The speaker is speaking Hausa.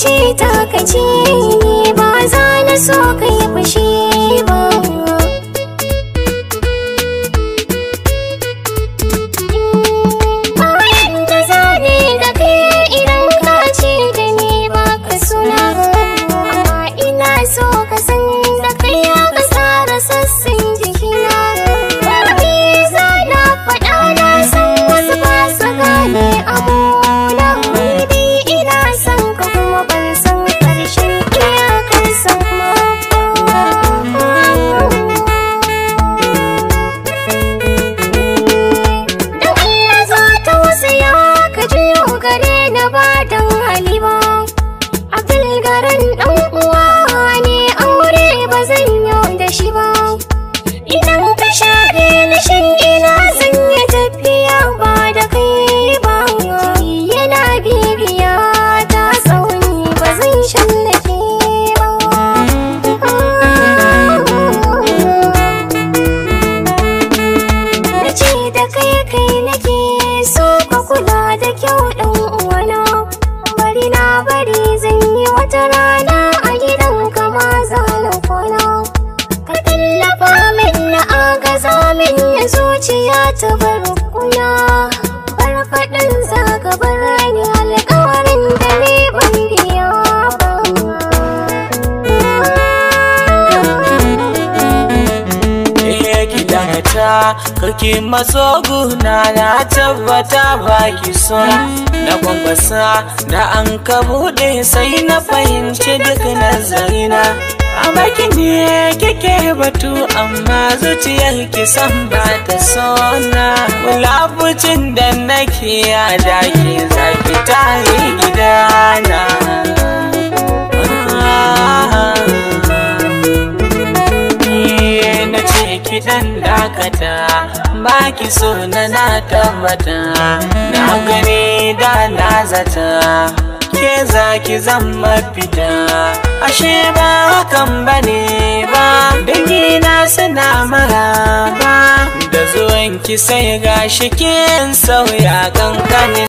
ce ta kace ni ba za na so kai dan halima abdul garan dan uwa ne aure ba zan yi da shi ba idan ka share na shan ina zan yi tafiya ba da kai ba yana bibiya ta tsauni ba zan shan da ke ba na ce da kai kai na ka bari zan yi wata rana a gidan kama ma zana ka tallafa min na agaza min na zuciya ta bar kuna na karki maso guna na tabbata baki so na kwankwasa da an ka buɗe sai na fahimci duk nazarina a baki ne kike batu amma zuciyar ki san ba ta so na da nake ya daki zaki ta yi gidana idan dakata ba ki so na na tabbata na gani da na zata ke za ki zama fita ashe ba hakan bane ba dangina suna mara ba da zuwan zuwanki sai gashi kin sauya kankanin